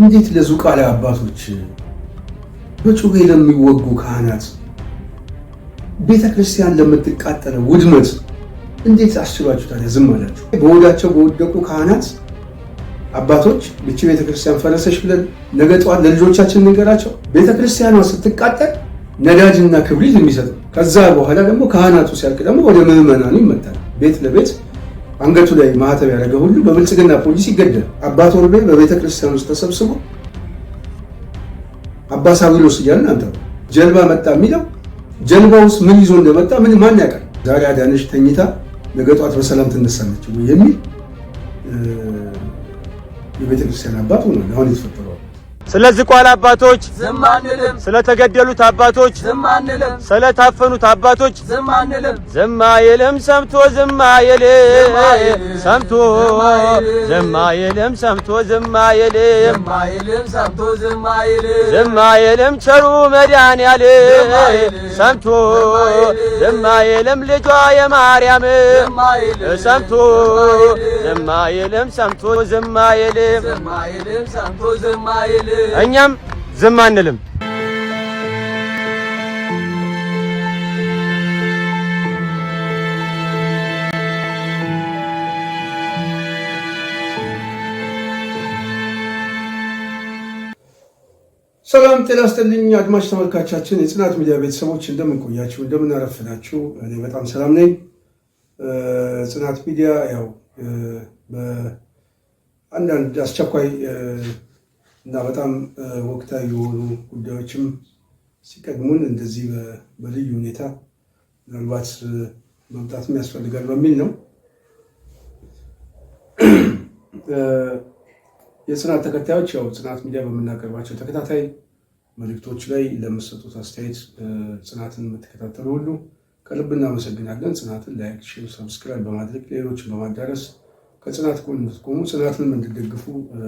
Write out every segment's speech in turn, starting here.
እንዴት ለዙቃላ አባቶች በጩቤ ለሚወጉ ካህናት ቤተ ክርስቲያን ለምትቃጠለ ውድመት እንዴት አስችሏችሁ ታዲያ ዝም አላችሁ? በወዳቸው በወደቁ ካህናት አባቶች ብቻ ቤተ ክርስቲያን ፈረሰች ብለን ነገ ጠዋት ለልጆቻችን እንገራቸው። ቤተ ክርስቲያኗ ስትቃጠል ነዳጅና ክብሪት የሚሰጥ ከዛ በኋላ ደግሞ ካህናቱ ሲያልቅ ደግሞ ወደ ምዕመናኑ ይመጣል ቤት ለቤት አንገቱ ላይ ማህተብ ያደረገ ሁሉ በብልጽግና ፖሊስ ይገደል። አባ ቶርቤ በቤተ ክርስቲያን ውስጥ ተሰብስቦ አባ ሳዊሮስ እያልን አንተ ጀልባ መጣ የሚለው ጀልባ ውስጥ ምን ይዞ እንደመጣ ምን ማን ያውቃል? ዛሬ አዳነሽ ተኝታ ነገ ጠዋት በሰላም ትነሳለች የሚል የቤተክርስቲያን አባት ሆኗል አሁን የተፈጠ ስለዚህ ቋል አባቶች ዝም አንልም፣ ስለተገደሉት አባቶች ዝም አንልም፣ ስለታፈኑት አባቶች ዝም አንልም። ዝም አይልም ሰምቶ ዝም አይልም ሰምቶ ዝም አይልም ሰምቶ ዝም አይልም ዝም አይልም ዝም አይልም ቸሩ ያለ ሰምቶ ዝም አይልም ልጇ የማርያም ሰምቶ ዝም አይልም ሰምቶ ዝም አይልም እኛም ዝም አንልም። ሰላም ጤና ይስጥልኝ አድማጭ ተመልካቻችን፣ የጽናት ሚዲያ ቤተሰቦች እንደምንቆያችሁ እንደምናረፍናችሁ፣ እኔ በጣም ሰላም ነኝ። ጽናት ሚዲያ ያው በአንዳንድ አስቸኳይ እና በጣም ወቅታዊ የሆኑ ጉዳዮችም ሲቀድሙን እንደዚህ በልዩ ሁኔታ ምናልባት መምጣትም ያስፈልጋል በሚል ነው። የጽናት ተከታዮች ያው ጽናት ሚዲያ በምናቀርባቸው ተከታታይ መልእክቶች ላይ ለምሰጡት አስተያየት ጽናትን የምትከታተሉ ሁሉ ከልብ እናመሰግናለን። ጽናትን ላይክ፣ ሼር፣ ሰብስክራይብ በማድረግ ሌሎችን በማዳረስ ከጽናት ጎን እንድትቆሙ ጽናትንም እንድትደግፉ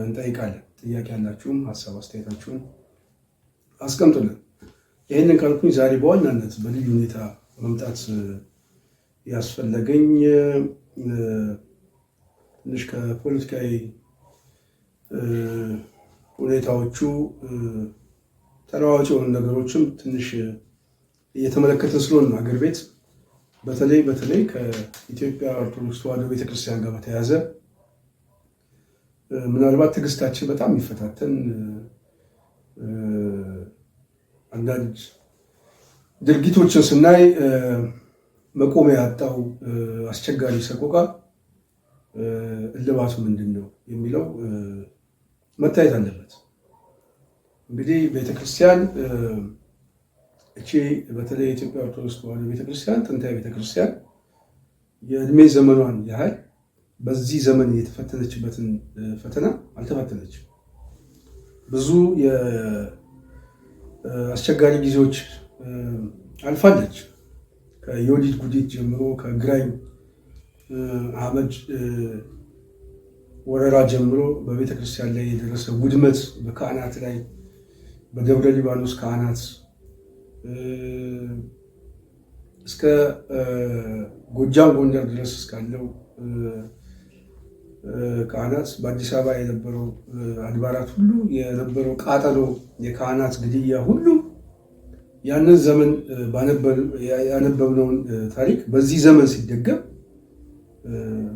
እንጠይቃለን። ጥያቄ ያላችሁም ሀሳብ አስተያየታችሁን አስቀምጡልን። ይህንን ካልኩኝ ዛሬ በዋናነት በልዩ ሁኔታ መምጣት ያስፈለገኝ ትንሽ ከፖለቲካዊ ሁኔታዎቹ ተለዋዋጭ የሆኑ ነገሮችም ትንሽ እየተመለከተ ስለሆን ሀገር ቤት በተለይ በተለይ ከኢትዮጵያ ኦርቶዶክስ ተዋሕዶ ቤተክርስቲያን ጋር በተያያዘ ምናልባት ትዕግስታችን በጣም የሚፈታተን አንዳንድ ድርጊቶችን ስናይ መቆሚያ ያጣው አስቸጋሪ ሰቆቃ እልባቱ ምንድን ነው የሚለው መታየት አለበት። እንግዲህ ቤተክርስቲያን እቺ በተለይ የኢትዮጵያ ኦርቶዶክስ ተዋሕዶ ቤተክርስቲያን ጥንታዊ ቤተክርስቲያን የእድሜ ዘመኗን ያህል በዚህ ዘመን የተፈተነችበትን ፈተና አልተፈተነችም። ብዙ አስቸጋሪ ጊዜዎች አልፋለች። ከዮዲት ጉዲት ጀምሮ ከግራኝ አህመድ ወረራ ጀምሮ በቤተክርስቲያን ላይ የደረሰ ውድመት፣ በካህናት ላይ በደብረ ሊባኖስ ካህናት እስከ ጎጃም ጎንደር ድረስ እስካለው ካህናት በአዲስ አበባ የነበረው አድባራት ሁሉ የነበረው ቃጠሎ፣ የካህናት ግድያ ሁሉ ያንን ዘመን ያነበብነውን ታሪክ በዚህ ዘመን ሲደገም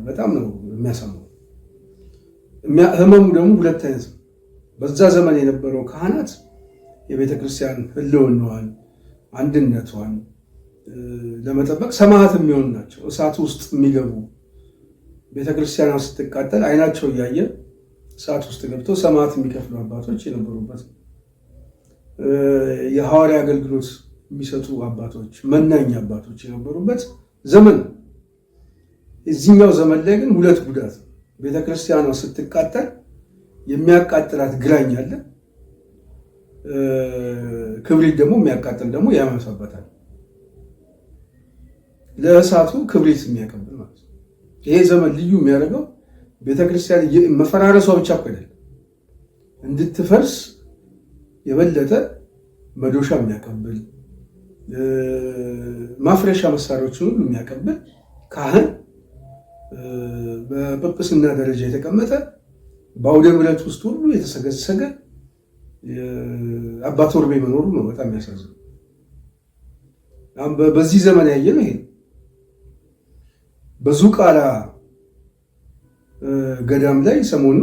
በጣም ነው የሚያሳምነው። ህመሙ ደግሞ ሁለት አይነት ነው። በዛ ዘመን የነበረው ካህናት የቤተ ክርስቲያን ህልውናዋን፣ አንድነቷን ለመጠበቅ ሰማዕት የሚሆኑ ናቸው። እሳት ውስጥ የሚገቡ ቤተክርስቲያኗ ስትቃጠል አይናቸው እያየ እሳት ውስጥ ገብቶ ሰማዕት የሚከፍሉ አባቶች የነበሩበት የሐዋርያ አገልግሎት የሚሰጡ አባቶች፣ መናኝ አባቶች የነበሩበት ዘመን ነው። እዚህኛው ዘመን ላይ ግን ሁለት ጉዳት ቤተክርስቲያኗ ስትቃጠል የሚያቃጥላት ግራኝ አለ። ክብሪት ደግሞ የሚያቃጥል ደግሞ ያመሳበታል። ለእሳቱ ክብሪት የሚያቀብል ማለት ነው። ይሄ ዘመን ልዩ የሚያደርገው ቤተክርስቲያን መፈራረሷ ብቻ እኮ አይደለም፣ እንድትፈርስ የበለጠ መዶሻ የሚያቀብል ማፍረሻ መሳሪያዎችን ሁሉ የሚያቀብል ካህን በጵጵስና ደረጃ የተቀመጠ በአውደ ምሕረት ውስጥ ሁሉ የተሰገሰገ አባ መኖሩ ነው በጣም የሚያሳዝነው። በዚህ ዘመን ያየ ነው ይሄ። በዙቃላ ገዳም ላይ ሰሞኑ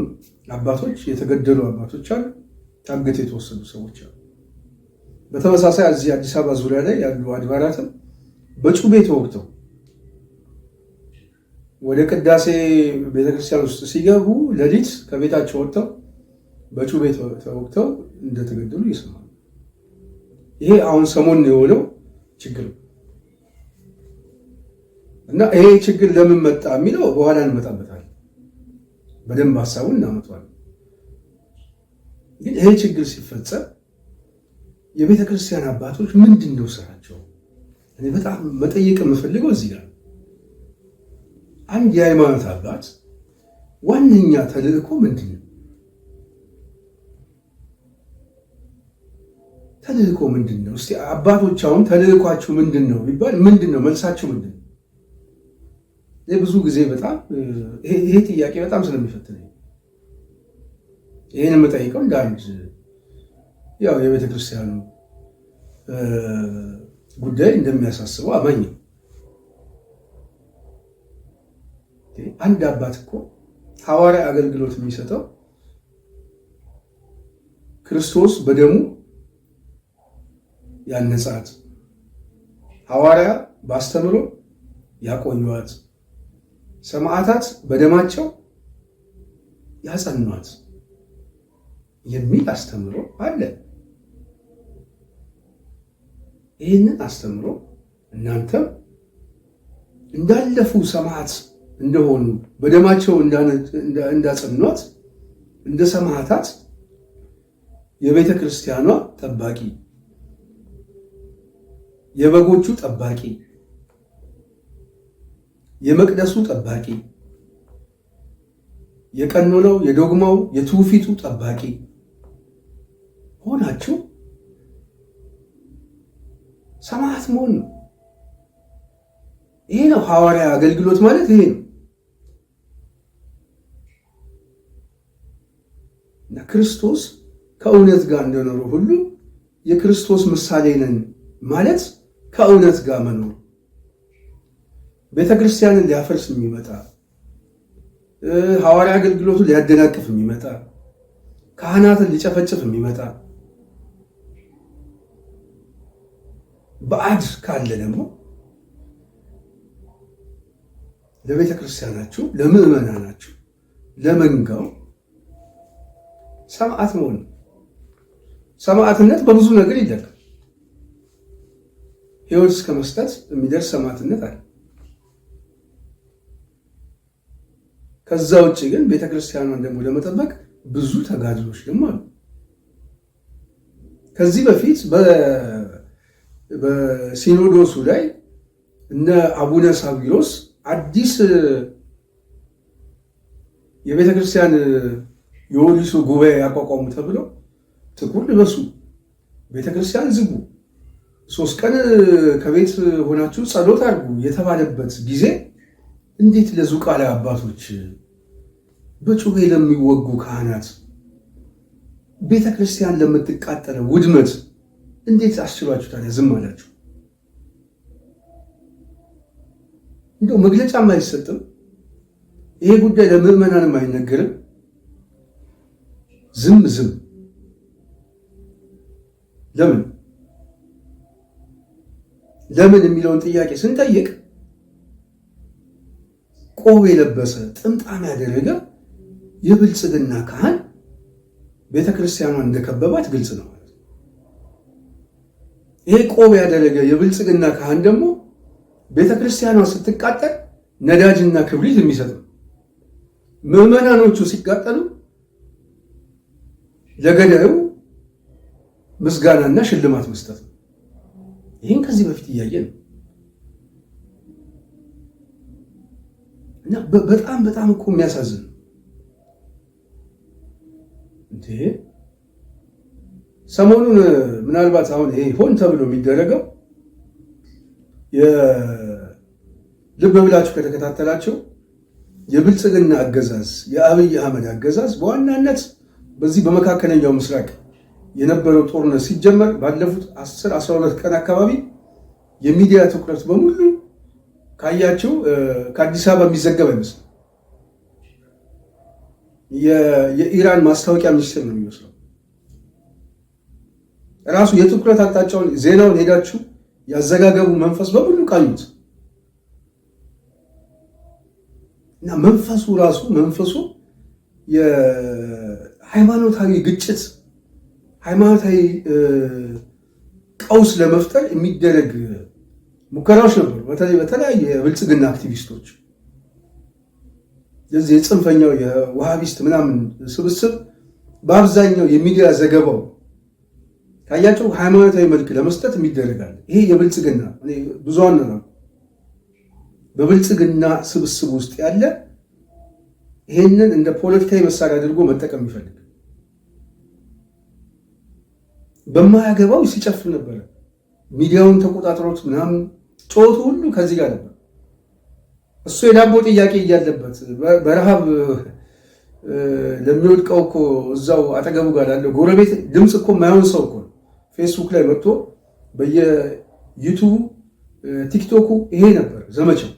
አባቶች የተገደሉ አባቶች አሉ፣ ታግተው የተወሰዱ ሰዎች አሉ። በተመሳሳይ እዚህ አዲስ አበባ ዙሪያ ላይ ያሉ አድባራትም በጩቤ ተወግተው ወደ ቅዳሴ ቤተክርስቲያን ውስጥ ሲገቡ ሌሊት ከቤታቸው ወጥተው በጩቤ ተወግተው እንደተገደሉ ይሰማሉ። ይሄ አሁን ሰሞን የሆነው ችግር ነው። እና ይሄ ችግር ለምን መጣ የሚለው በኋላ እንመጣበታል። በደንብ ሀሳቡን እናመጣዋል። ግን ይሄ ችግር ሲፈጸም የቤተ ክርስቲያን አባቶች ምንድን ነው ስራቸው? እኔ በጣም መጠየቅ የምፈልገው እዚህ ጋር አንድ የሃይማኖት አባት ዋነኛ ተልእኮ ምንድን ነው? ተልእኮ ምንድን ነው? እስቲ አባቶች አሁን ተልእኳቸው ምንድን ነው ቢባል ምንድን ነው መልሳቸው ምንድን ነው? ብዙ ጊዜ በጣም ይሄ ጥያቄ በጣም ስለሚፈትነኝ ይህን የምጠይቀው እንደ አንድ ያው የቤተ ክርስቲያኑ ጉዳይ እንደሚያሳስበው አማኝ ነው። አንድ አባት እኮ ሐዋርያ አገልግሎት የሚሰጠው ክርስቶስ በደሙ ያነጻት ሐዋርያ ባስተምሮ ያቆዩዋት ሰማዕታት በደማቸው ያጸኗት የሚል አስተምሮ አለ። ይህንን አስተምሮ እናንተም እንዳለፉ ሰማዕት እንደሆኑ በደማቸው እንዳጸኗት እንደ ሰማዕታት የቤተ ክርስቲያኗ ጠባቂ የበጎቹ ጠባቂ የመቅደሱ ጠባቂ፣ የቀኖናው፣ የዶግማው፣ የትውፊቱ ጠባቂ ሆናችሁ ሰማዕት መሆን ነው። ይሄ ነው ሐዋርያ አገልግሎት ማለት ይሄ ነው። እና ክርስቶስ ከእውነት ጋር እንደኖረ ሁሉ የክርስቶስ ምሳሌ ነን ማለት ከእውነት ጋር መኖር ቤተክርስቲያንን ሊያፈርስ የሚመጣ ሐዋርያ አገልግሎቱን ሊያደናቅፍ የሚመጣ ካህናትን ሊጨፈጭፍ የሚመጣ በአድ ካለ ደግሞ ለቤተ ክርስቲያናችሁ፣ ለምዕመናናችሁ፣ ለመንጋው ሰማዕት መሆን ሰማዕትነት በብዙ ነገር ይለካል። ህይወት እስከ መስጠት የሚደርስ ሰማዕትነት አለ። ከዛ ውጭ ግን ቤተክርስቲያኗን ደግሞ ለመጠበቅ ብዙ ተጋድሎች ደግሞ አሉ። ከዚህ በፊት በሲኖዶሱ ላይ እነ አቡነ ሳዊሮስ አዲስ የቤተ ክርስቲያን ጉባኤ ያቋቋሙ ተብለው ጥቁር ልበሱ፣ ቤተ ክርስቲያን ዝጉ፣ ሶስት ቀን ከቤት ሆናችሁ ጸሎት አድርጉ የተባለበት ጊዜ እንዴት ለዙቃላ አባቶች በጩቤ ለሚወጉ ካህናት፣ ቤተ ክርስቲያን ለምትቃጠለው ውድመት እንዴት አስችሏችሁ ታዲያ ዝም አላችሁ? እንደው መግለጫም አይሰጥም? ይሄ ጉዳይ ለምዕመናንም አይነገርም? ዝም ዝም ለምን ለምን የሚለውን ጥያቄ ስንጠይቅ ቆብ የለበሰ ጥምጣም ያደረገ የብልጽግና ካህን ቤተ እንደከበባት ግልጽ ነው። ይሄ ቆብ ያደረገ የብልጽግና ካህን ደግሞ ቤተ ስትቃጠል ነዳጅና ክብሪት የሚሰጥ ነው። ምዕመናኖቹ ሲቃጠሉ ለገዳዩ ምስጋናና ሽልማት መስጠት ነው። ይህን ከዚህ በፊት እያየ ነው እና በጣም በጣም እኮ የሚያሳዝን ነው። እንዴ ሰሞኑን ምናልባት አሁን ይሄ ሆን ተብሎ የሚደረገው ልብ ብላችሁ ከተከታተላችሁ የብልጽግና አገዛዝ የአብይ አህመድ አገዛዝ በዋናነት በዚህ በመካከለኛው ምስራቅ የነበረው ጦርነት ሲጀመር ባለፉት 10 12 ቀን አካባቢ የሚዲያ ትኩረት በሙሉ ካያችሁ ከአዲስ አበባ የሚዘገብ አይመስልም። የኢራን ማስታወቂያ ሚኒስቴር ነው የሚመስለው። ራሱ የትኩረት አቅጣጫውን ዜናውን ሄዳችሁ ያዘጋገቡ መንፈስ በሙሉ ቃኙት እና መንፈሱ ራሱ መንፈሱ የሃይማኖታዊ ግጭት ሃይማኖታዊ ቀውስ ለመፍጠር የሚደረግ ሙከራዎች ነበሩ። በተለይ የብልጽግና አክቲቪስቶች የዚህ የጽንፈኛው የዋሃቢስት ምናምን ስብስብ በአብዛኛው የሚዲያ ዘገባው ካያቸው ሃይማኖታዊ መልክ ለመስጠት የሚደረጋል። ይሄ የብልጽግና ብዙን ነው። በብልጽግና ስብስብ ውስጥ ያለ ይሄንን እንደ ፖለቲካዊ መሳሪያ አድርጎ መጠቀም ይፈልግ በማያገባው ሲጨፍር ነበረ። ሚዲያውን ተቆጣጥሮት ምናምን ጮቱ ሁሉ ከዚህ ጋር ነበር። እሱ የዳቦ ጥያቄ እያለበት በረሃብ ለሚወድቀው እኮ እዛው አጠገቡ ጋር ላለው ጎረቤት ድምፅ እኮ ማይሆን ሰው እኮ ፌስቡክ ላይ መጥቶ በየዩቱቡ ቲክቶኩ ይሄ ነበር ዘመቻው።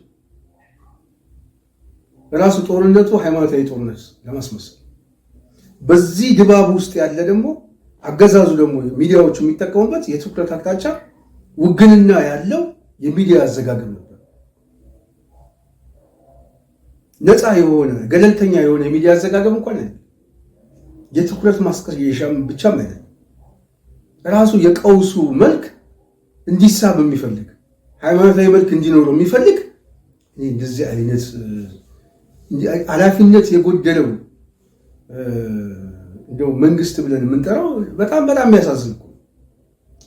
ራሱ ጦርነቱ ሃይማኖታዊ ጦርነት ለማስመሰል በዚህ ድባብ ውስጥ ያለ ደግሞ አገዛዙ ደግሞ ሚዲያዎቹ የሚጠቀሙበት የትኩረት አቅጣጫ ውግንና ያለው የሚዲያ አዘጋገብ ነው። ነፃ የሆነ ገለልተኛ የሆነ የሚዲያ አዘጋገብ እንኳን የትኩረት ማስቀየሻም ብቻ ማለት ራሱ የቀውሱ መልክ እንዲሳብ የሚፈልግ ሃይማኖታዊ መልክ እንዲኖረው የሚፈልግ እንደዚህ አይነት ኃላፊነት የጎደለው እንደው መንግስት ብለን የምንጠራው በጣም በጣም የሚያሳዝን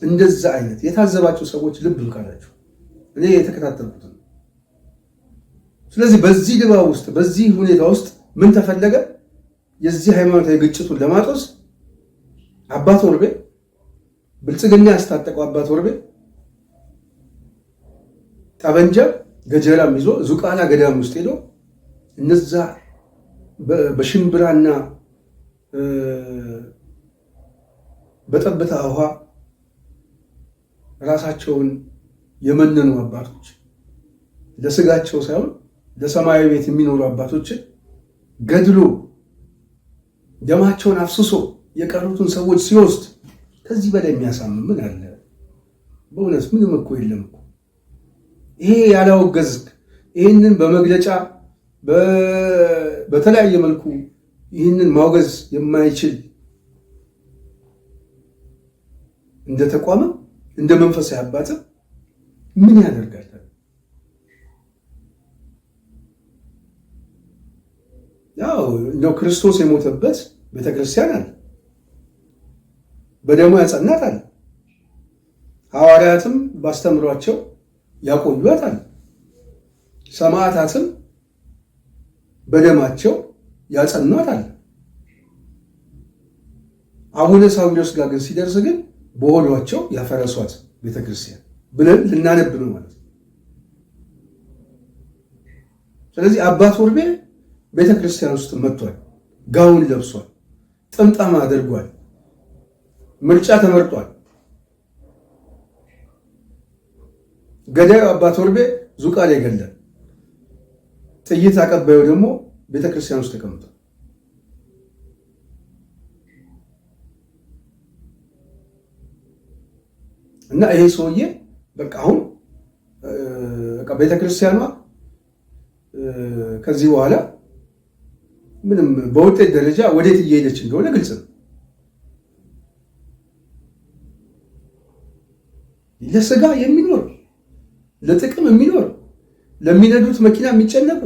እንደዛ አይነት የታዘባቸው ሰዎች ልብ ብካላቸው እኔ የተከታተልኩት ስለዚህ በዚህ ድባብ ውስጥ በዚህ ሁኔታ ውስጥ ምን ተፈለገ? የዚህ ሃይማኖታዊ ግጭቱን ለማጦስ አባት ወርቤ ብልጽግና ያስታጠቀው አባት ወርቤ ጠበንጃ ገጀራም ይዞ ዙቃላ ገዳም ውስጥ ሄዶ እነዛ በሽምብራና በጠብታ ውሃ ራሳቸውን የመነኑ አባቶች ለስጋቸው ሳይሆን ለሰማያዊ ቤት የሚኖሩ አባቶችን ገድሎ ደማቸውን አፍስሶ የቀሩትን ሰዎች ሲወስድ ከዚህ በላይ የሚያሳምን ምን አለ? በእውነት ምንም እኮ የለም እኮ። ይሄ ያላወገዝክ ይህንን በመግለጫ በተለያየ መልኩ ይህንን ማውገዝ የማይችል እንደ ተቋምም እንደ መንፈሳዊ አባትም ምን ያደርጋል? ያው እንደው ክርስቶስ የሞተበት ቤተክርስቲያን አለ፣ በደሞ ያጸናት አለ፣ ሐዋርያትም ባስተምሯቸው ያቆዩት አለ፣ ሰማዕታትም በደማቸው ያጸኗት አለ። አቡነ ሳዊሮስ ጋር ግን ሲደርስ ግን በሆዷቸው ያፈረሷት ቤተክርስቲያን ብለን ልናነብ ነው ማለት ነው። ስለዚህ አባት ወርቤ ቤተ ክርስቲያን ውስጥ መጥቷል። ጋውን ለብሷል። ጥምጣም አድርጓል። ምርጫ ተመርጧል። ገዳዩ አባት ወርቤ ዙቃል የገለ ጥይት አቀባዩ ደግሞ ቤተ ክርስቲያን ውስጥ ተቀምጧል። እና ይሄ ሰውዬ በቃ አሁን ቤተክርስቲያኗ ከዚህ በኋላ ምንም በውጤት ደረጃ ወዴት እየሄደች እንደሆነ ግልጽ ነው። ለስጋ የሚኖር ለጥቅም የሚኖር ለሚነዱት መኪና የሚጨነቁ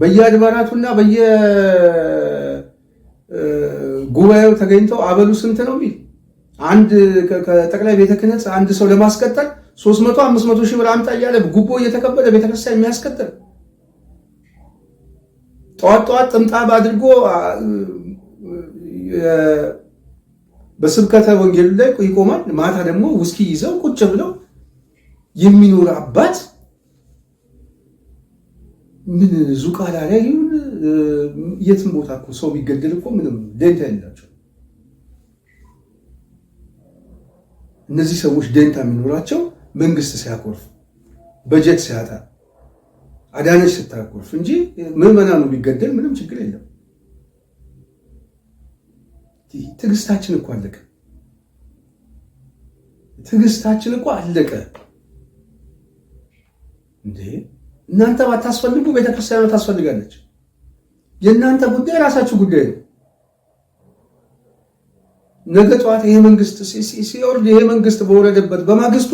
በየአድባራቱና በየጉባኤው ተገኝተው አበሉ ስንት ነው የሚል አንድ ከጠቅላይ ቤተ ክህነት አንድ ሰው ለማስቀጠል ሶስት መቶ አምስት መቶ ሺህ ብር አምጣ እያለ ጉቦ እየተቀበለ ቤተክርስቲያን የሚያስቀጥል ጠዋት ጠዋት ጥምጣም አድርጎ በስብከተ ወንጌል ላይ ይቆማል። ማታ ደግሞ ውስኪ ይዘው ቁጭ ብለው የሚኖር አባት ምን ዙቃላ ላይ ይሁን የትም ቦታ እኮ ሰው ቢገደል እኮ ምንም ደንታ የላቸው። እነዚህ ሰዎች ደንታ የሚኖራቸው መንግስት ሲያኮርፍ፣ በጀት ሲያጣ አዳነች ስታኮርፍ እንጂ ምዕመናኑ ቢገደል ምንም ችግር የለም። ትዕግስታችን እኮ አለቀ። ትዕግስታችን እኮ አለቀ። እንዴ እናንተ ባታስፈልጉ ቤተክርስቲያኗ ታስፈልጋለች። የእናንተ ጉዳይ የራሳችሁ ጉዳይ ነው። ነገ ጠዋት ይሄ መንግስት ሲወርድ ይሄ መንግስት በወረደበት በማግስቱ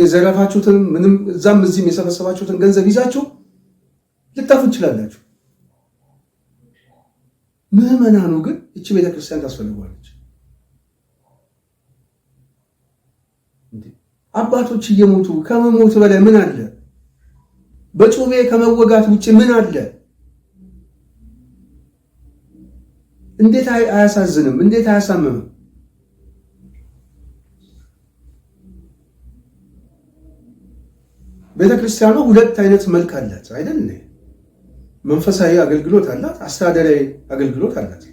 የዘረፋችሁትን ምንም እዛም እዚህም የሰበሰባችሁትን ገንዘብ ይዛችሁ ልታፉ ትችላላችሁ። ምዕመናኑ ግን እቺ ቤተክርስቲያን ታስፈልጓለች። አባቶች እየሞቱ ከመሞት በላይ ምን አለ? በጩቤ ከመወጋት ውጭ ምን አለ? እንዴት አያሳዝንም? እንዴት አያሳምምም? ቤተክርስቲያኑ ሁለት አይነት መልክ አላት አይደል? መንፈሳዊ አገልግሎት አላት፣ አስተዳደራዊ አገልግሎት አላት።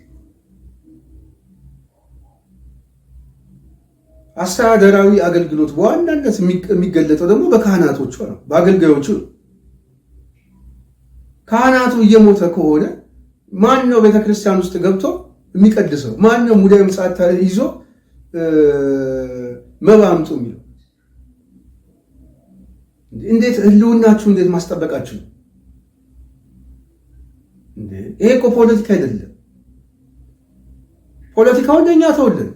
አስተዳደራዊ አገልግሎት በዋናነት የሚገለጠው ደግሞ በካህናቶቹ ነው፣ በአገልጋዮቹ ነው። ካህናቱ እየሞተ ከሆነ ማን ነው ቤተክርስቲያን ውስጥ ገብቶ የሚቀድሰው? ማን ነው ሙዳየ ምጽዋት ይዞ መባ አምጡ የሚለው? እንዴት ህልውናችሁ እንዴት ማስጠበቃችሁ? ይሄ እኮ ፖለቲካ አይደለም። ፖለቲካውን ለእኛ ተውልን፣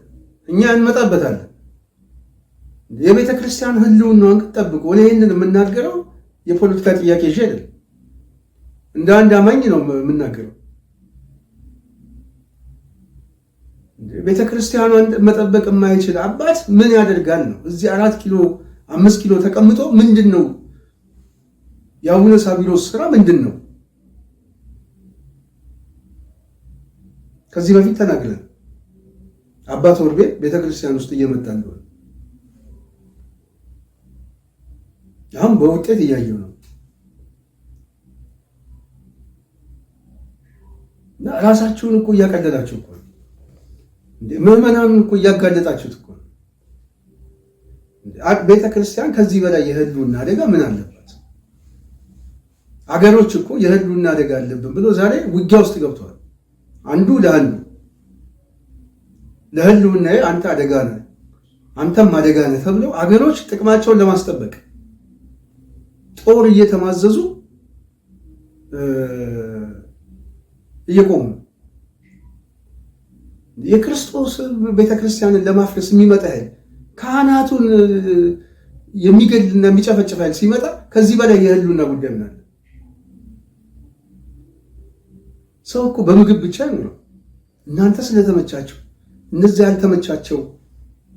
እኛ እንመጣበታለን። የቤተ ክርስቲያን ህልውና ጠብቁ። እኔ ይህንን የምናገረው የፖለቲካ ጥያቄ ይዤ አይደለም፣ እንደ አንድ አማኝ ነው የምናገረው። ቤተ ክርስቲያኗን መጠበቅ የማይችል አባት ምን ያደርጋል ነው እዚህ አራት ኪሎ አምስት ኪሎ ተቀምጦ ምንድን ነው የአቡነ ስራ ምንድን ነው? ከዚህ በፊት ተናግረን አባት ወርቤ ቤተክርስቲያን ውስጥ እየመጣ እንደሆነ አሁን በውጤት እያየው ነው። ራሳችሁን እኮ እያቀለላችሁ እኮ ምዕመናኑን እኮ እያጋለጣችሁት እኮ ቤተ ክርስቲያን ከዚህ በላይ የህልውና አደጋ ምን አለበት? አገሮች እኮ የህልውና አደጋ አለብን ብሎ ዛሬ ውጊያ ውስጥ ገብተዋል። አንዱ ለአንዱ ለህልውና አንተ አደጋ ነህ፣ አንተም አደጋ ነህ ተብለው አገሮች ጥቅማቸውን ለማስጠበቅ ጦር እየተማዘዙ እየቆሙ የክርስቶስ ቤተክርስቲያንን ለማፍረስ የሚመጣ ካህናቱን የሚገድልና የሚጨፈጭፍ ኃይል ሲመጣ ከዚህ በላይ የህሉና ጉዳይ ምናለ? ሰው እኮ በምግብ ብቻ ነው። እናንተ ስለተመቻቸው እነዚህ ያልተመቻቸው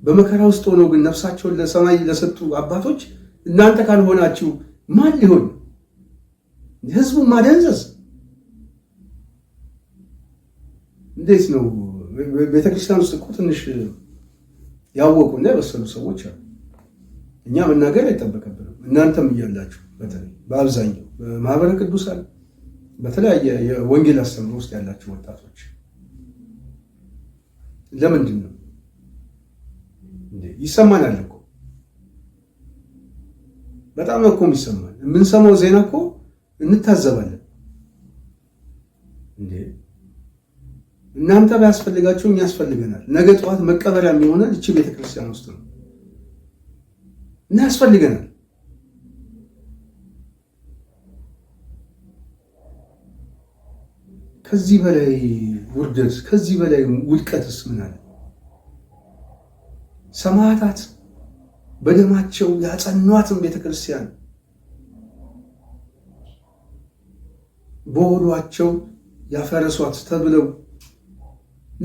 በመከራ ውስጥ ሆነው ግን ነፍሳቸውን ለሰማይ ለሰጡ አባቶች እናንተ ካልሆናችሁ ማን ሊሆን? ህዝቡን ማደንዘዝ እንዴት ነው? ቤተክርስቲያን ውስጥ እኮ ትንሽ ያወቁና የበሰሉ ሰዎች አሉ። እኛ መናገር አይጠበቅብንም። እናንተም እያላችሁ በተለይ በአብዛኛው በማህበረ ቅዱሳን በተለያየ የወንጌል አስተምሮ ውስጥ ያላችሁ ወጣቶች ለምንድን ነው ይሰማናል እኮ በጣም እኮ የሚሰማን። የምንሰማው ዜና እኮ እንታዘባለን እናንተ ባያስፈልጋቸው እኛ ያስፈልገናል። ነገ ጠዋት መቀበሪያ የሚሆነ እቺ ቤተክርስቲያን ውስጥ ነው እና ያስፈልገናል። ከዚህ በላይ ውርደት፣ ከዚህ በላይ ውድቀትስ ምን አለ? ሰማዕታት በደማቸው ያጸኗትን ቤተክርስቲያን በወዷቸው ያፈረሷት ተብለው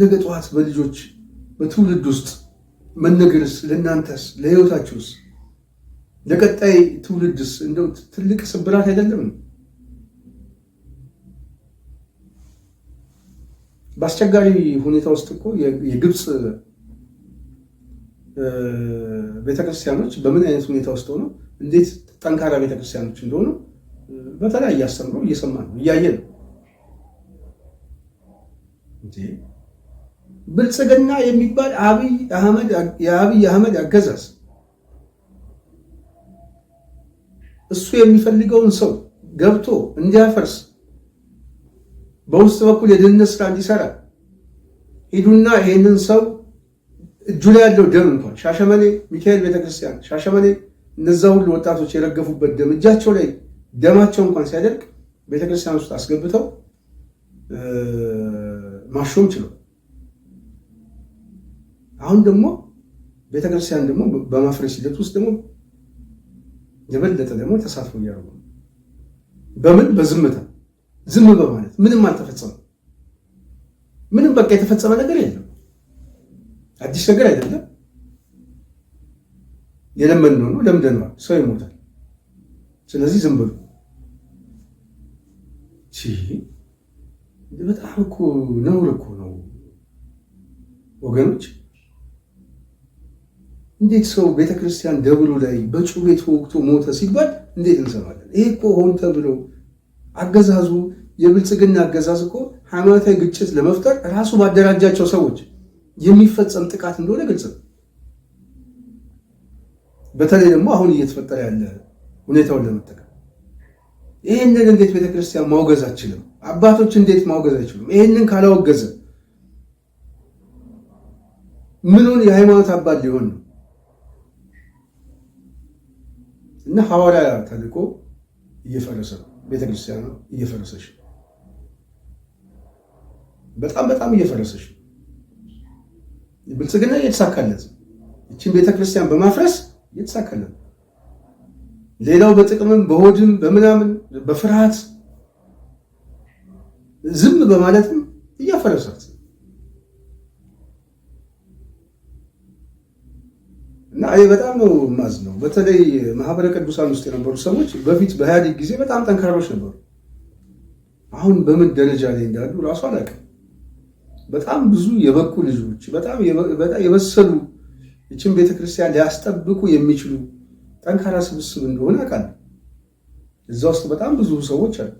ነገ ጠዋት በልጆች በትውልድ ውስጥ መነገርስ ለእናንተስ ለሕይወታችሁስ ለቀጣይ ትውልድስ እንደው ትልቅ ስብራት አይደለም? በአስቸጋሪ ሁኔታ ውስጥ እኮ የግብፅ ቤተክርስቲያኖች በምን አይነት ሁኔታ ውስጥ ሆነው እንዴት ጠንካራ ቤተክርስቲያኖች እንደሆኑ በተለያየ አስተምሮ እየሰማ ነው እያየ ነው። ብልጽግና የሚባል የአብይ አህመድ አገዛዝ እሱ የሚፈልገውን ሰው ገብቶ እንዲያፈርስ በውስጥ በኩል የድህነት ስራ እንዲሰራ ሂዱና ይህንን ሰው እጁ ላይ ያለው ደም እንኳን ሻሸመኔ ሚካኤል ቤተክርስቲያን ሻሸመኔ እነዛ ሁሉ ወጣቶች የረገፉበት ደም እጃቸው ላይ ደማቸው እንኳን ሲያደርግ ቤተክርስቲያን ውስጥ አስገብተው ማሾም ችሏል። አሁን ደግሞ ቤተክርስቲያን ደግሞ በማፍረስ ሂደት ውስጥ ደግሞ የበለጠ ደግሞ ተሳትፎ እያደረጉ ነው። በምን በዝምታ ዝም በማለት ምንም አልተፈጸመም። ምንም በቃ የተፈጸመ ነገር የለም። አዲስ ነገር አይደለም። የለመድነው ነው። ለምደነዋል። ሰው ይሞታል። ስለዚህ ዝም ብሎ በጣም እኮ ነውር እኮ ነው ወገኖች። እንዴት ሰው ቤተክርስቲያን ደብሎ ላይ በጩቤ ተወግቶ ሞተ ሲባል እንዴት እንሰማለን? ይሄ እኮ ሆን ተብሎ አገዛዙ የብልጽግና አገዛዝ እኮ ሃይማኖታዊ ግጭት ለመፍጠር ራሱ ባደራጃቸው ሰዎች የሚፈጸም ጥቃት እንደሆነ ግልጽ ነው። በተለይ ደግሞ አሁን እየተፈጠረ ያለ ሁኔታውን ለመጠቀም ይህንን እንዴት ቤተክርስቲያን ማውገዝ አችልም? አባቶች እንዴት ማውገዝ አይችሉም? ይህንን ካላወገዘ ምኑን የሃይማኖት አባት ሊሆን ነው? እና ሐዋርያ ተልእኮ እየፈረሰ ነው። ቤተክርስቲያኗ እየፈረሰች ነው። በጣም በጣም እየፈረሰች ነው። ብልጽግና እየተሳካለት እችን ቤተክርስቲያን በማፍረስ እየተሳካለት ሌላው በጥቅምም በሆድም በምናምን በፍርሃት ዝም በማለትም እያፈረሳት እና ይህ በጣም ነው ነው። በተለይ ማህበረ ቅዱሳን ውስጥ የነበሩ ሰዎች በፊት በኢህአዴግ ጊዜ በጣም ጠንካሮች ነበሩ። አሁን በምን ደረጃ ላይ እንዳሉ ራሱ አላውቅም። በጣም ብዙ የበቁ ልጆች፣ በጣም የበሰሉ ይችን ቤተክርስቲያን ሊያስጠብቁ የሚችሉ ጠንካራ ስብስብ እንደሆነ አውቃለሁ። እዛ ውስጥ በጣም ብዙ ሰዎች አሉ።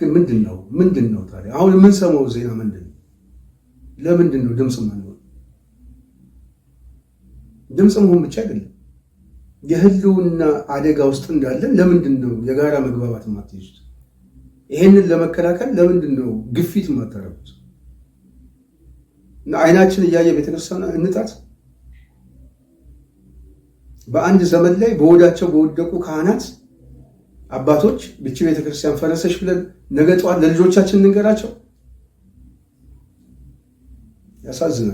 ግን ምንድን ነው ምንድን ነው ታዲያ አሁን የምንሰማው ዜና ምንድን ነው? ለምንድን ነው ድምፅ ድምፅ መሆን ብቻ አይደለም፣ የህልውና አደጋ ውስጥ እንዳለን ለምንድን ነው የጋራ መግባባት የማትይዙት? ይሄንን ለመከላከል ለምንድን ነው ግፊት ማታረጉት? እና አይናችን እያየ ቤተክርስቲያን እንጣት። በአንድ ዘመን ላይ በወዳቸው በወደቁ ካህናት አባቶች ብቻ ቤተክርስቲያን ፈረሰች ብለን ነገ ጠዋት ለልጆቻችን እንንገራቸው? ያሳዝነ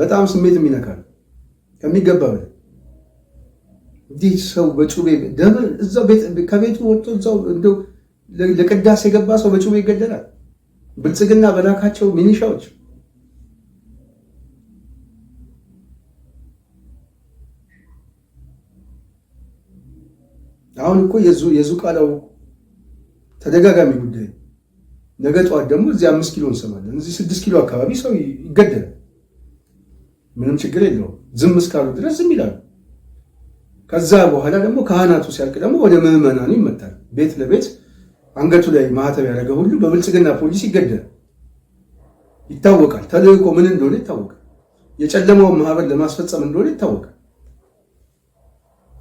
በጣም ስሜት የሚነካል። ከሚገባ እንዲህ ሰው በጩቤ ደብር ከቤቱ ወጥቶ እዛው እንደው ለቅዳሴ የገባ ሰው በጩቤ ይገደላል። ብልጽግና በላካቸው ሚኒሻዎች አሁን እኮ የዝቋላው ተደጋጋሚ ጉዳይ ነገ ጠዋት ደግሞ እዚህ አምስት ኪሎ እንሰማለን። እዚህ ስድስት ኪሎ አካባቢ ሰው ይገደላል። ምንም ችግር የለውም። ዝም እስካሉ ድረስ ዝም ይላሉ። ከዛ በኋላ ደግሞ ካህናቱ ሲያልቅ ደግሞ ወደ ምዕመናኑ ይመጣል። ቤት ለቤት አንገቱ ላይ ማህተብ ያደረገ ሁሉ በብልጽግና ፖሊስ ይገደል ይታወቃል። ተልእኮ ምን እንደሆነ ይታወቃል። የጨለማውን ማህበር ለማስፈጸም እንደሆነ ይታወቃል።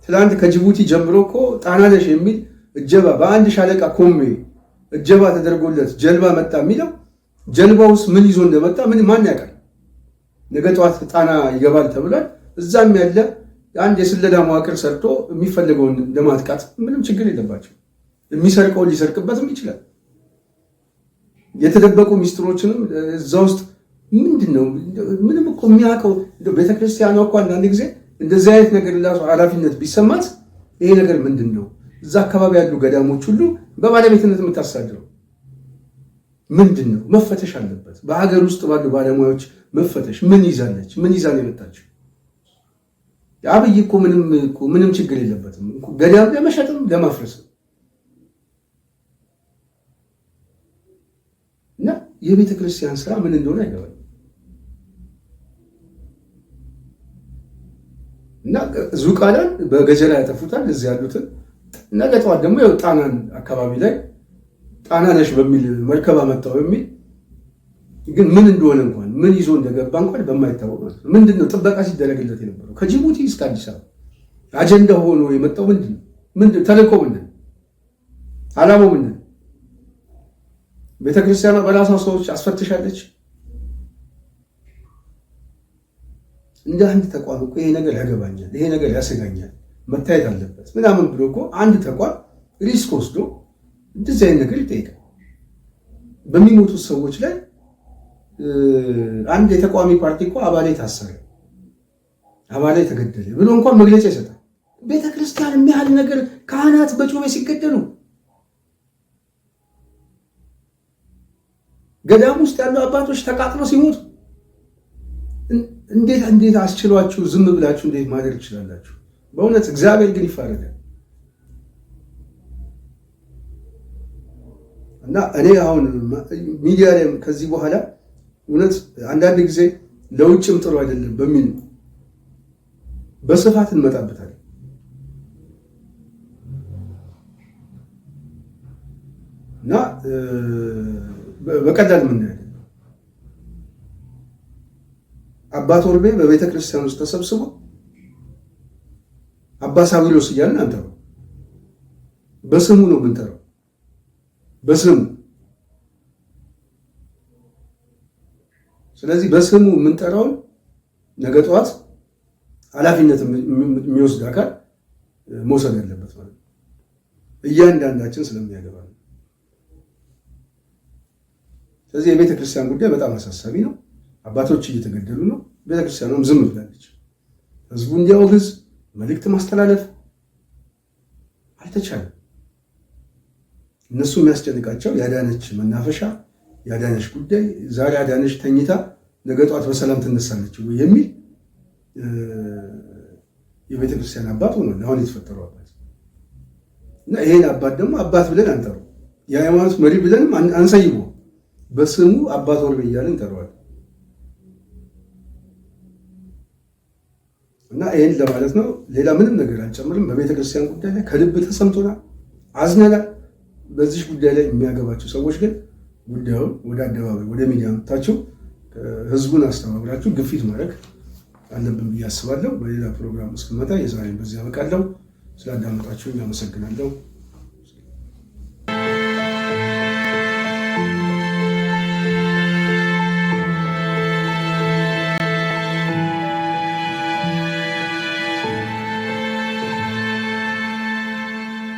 ትላንት ከጅቡቲ ጀምሮ እኮ ጣናነሽ የሚል እጀባ በአንድ ሻለቃ ኮሜ እጀባ ተደርጎለት ጀልባ መጣ የሚለው ጀልባ ውስጥ ምን ይዞ እንደመጣ ምን ማን ያውቃል? ነገ ጠዋት ጣና ይገባል ተብሏል። እዛም ያለ አንድ የስለላ መዋቅር ሰርቶ የሚፈልገውን ለማጥቃት ምንም ችግር የለባቸው። የሚሰርቀውን ሊሰርቅበትም ይችላል። የተደበቁ ሚስጥሮችንም እዛ ውስጥ ምንድን ነው ምንም እኮ የሚያውቀው ቤተክርስቲያኗ እኮ አንዳንድ ጊዜ እንደዚህ አይነት ነገር ላሱ ኃላፊነት ቢሰማት ይሄ ነገር ምንድን ነው እዛ አካባቢ ያሉ ገዳሞች ሁሉ በባለቤትነት የምታሳድረው ምንድን ነው መፈተሽ አለበት። በሀገር ውስጥ ባሉ ባለሙያዎች መፈተሽ ምን ይዛለች? ምን ይዛ ነው የመጣችው? አብይ እኮ ምንም ችግር የለበትም ገዳም ለመሸጥም ለማፍረስም እና የቤተ ክርስቲያን ስራ ምን እንደሆነ አይገባል። እና ዙቃላን በገጀራ ያጠፉታል እዚህ ያሉትን ነገ ጠዋት ደግሞ ጣናን አካባቢ ላይ ጣና ነሽ በሚል መርከብ አመጣው የሚል ግን ምን እንደሆነ እንኳን ምን ይዞ እንደገባ እንኳን በማይታወቅ ማለት ነው። ምንድን ነው ጥበቃ ሲደረግለት የነበረው ከጅቡቲ እስከ አዲስ አበባ አጀንዳ ሆኖ የመጣው ምንድን ነው? ምንድን ተልእኮ ምንድን አላማው ምንድን? ቤተክርስቲያኗ በራሷ ሰዎች አስፈትሻለች። እንደ አንድ ተቋም እኮ ይሄ ነገር ያገባኛል፣ ይሄ ነገር ያሰጋኛል፣ መታየት አለበት ምናምን ብሎ እኮ አንድ ተቋም ሪስክ ወስዶ እንደዚህ አይነት ነገር ይጠይቃል። በሚሞቱ ሰዎች ላይ አንድ የተቃዋሚ ፓርቲ እኮ አባሌ ታሰረ፣ አባሌ ተገደለ ብሎ እንኳን መግለጫ ይሰጣል። ቤተክርስቲያን የሚያህል ነገር ካህናት በጩቤ ሲገደሉ ገዳም ውስጥ ያሉ አባቶች ተቃጥሎ ሲሞቱ እንዴት እንዴት አስችሏችሁ ዝም ብላችሁ እንዴት ማድረግ ትችላላችሁ? በእውነት እግዚአብሔር ግን ይፋረዳል። እና እኔ አሁን ሚዲያ ላይ ከዚህ በኋላ እውነት አንዳንድ ጊዜ ለውጭም ጥሩ አይደለም በሚል በስፋት እንመጣበታለን። እና በቀላል የምናያለን። አባት ወርቤ በቤተ ክርስቲያን ውስጥ ተሰብስቦ አባ ሳዊሮስ እያልን አንጠራው፣ በስሙ ነው የምንጠራው። በስሙ ስለዚህ በስሙ የምንጠራውን ነገ ጠዋት ኃላፊነት የሚወስድ አካል መውሰድ ያለበት ማለት ነው። እያንዳንዳችን ስለሚያገባ ነው። ስለዚህ የቤተ ክርስቲያን ጉዳይ በጣም አሳሳቢ ነው። አባቶች እየተገደሉ ነው። ቤተ ክርስቲያኗም ዝም ብላለች። ህዝቡ እንዲያወግዝ መልእክት ማስተላለፍ አልተቻለም። እነሱ የሚያስጨንቃቸው የአዳነች መናፈሻ፣ የአዳነች ጉዳይ፣ ዛሬ አዳነች ተኝታ ነገ ጠዋት በሰላም ትነሳለች የሚል የቤተክርስቲያን አባት ሆኖ አሁን የተፈጠረ አባት እና ይሄን አባት ደግሞ አባት ብለን አንጠሩ፣ የሃይማኖት መሪ ብለንም አንሰይቦ በስሙ አባት ወርቤ እያለን እንጠራዋለን። እና ይህን ለማለት ነው። ሌላ ምንም ነገር አልጨምርም። በቤተክርስቲያን ጉዳይ ላይ ከልብ ተሰምቶናል፣ አዝነናል። በዚህ ጉዳይ ላይ የሚያገባቸው ሰዎች ግን ጉዳዩን ወደ አደባባይ ወደ ሚዲያ መታችሁ ህዝቡን አስተባብራችሁ ግፊት ማድረግ አለብን ብዬ አስባለሁ። በሌላ ፕሮግራም እስክመጣ የዛሬ በዚህ ያበቃለሁ። ስላዳመጣችሁ አመሰግናለሁ።